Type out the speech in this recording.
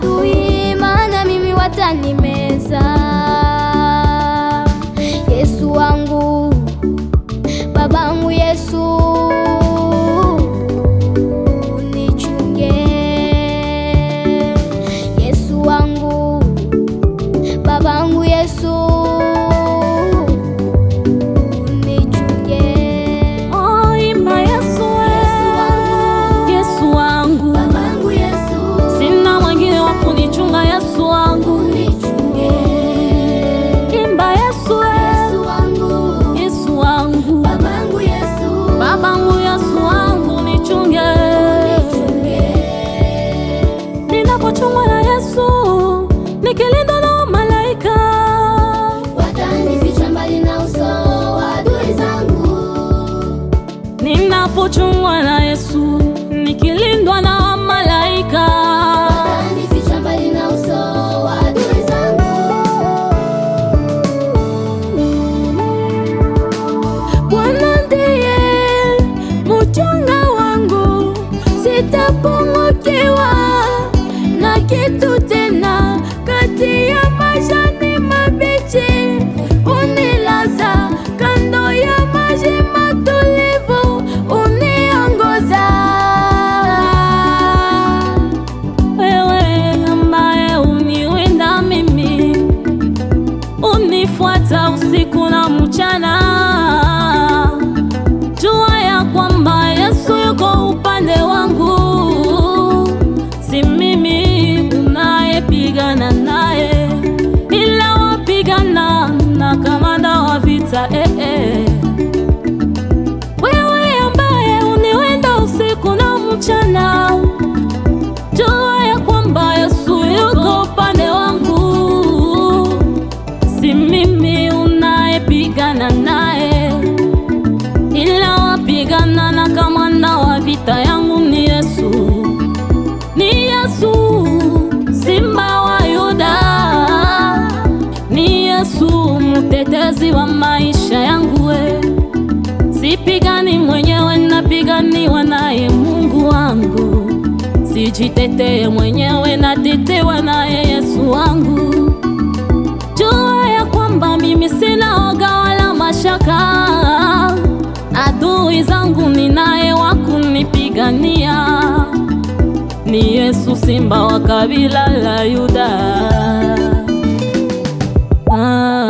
adui, maana mimi watanime Ninapochumwa na Yesu, nikilindwa na malaika, nificha mbali na uso wa adui zangu. Bwana ndiye mchunga wangu, kunifuata usiku na mchana, jua ya kwamba Yesu yuko upande wangu, si mimi unayepigana naye, ila wapigana na kamanda wa vita eh, eh. Wewe ambaye uniwenda usiku na mchana mtetezi wa maisha yangu we, sipigani mwenyewe, napiganiwa naye Mungu wangu, sijitetee mwenyewe, natetewa naye Yesu wangu. Jua ya kwamba mimi sina oga wala mashaka, adui zangu ninaye wa kunipigania ni Yesu, simba wa kabila la Yuda. Ah.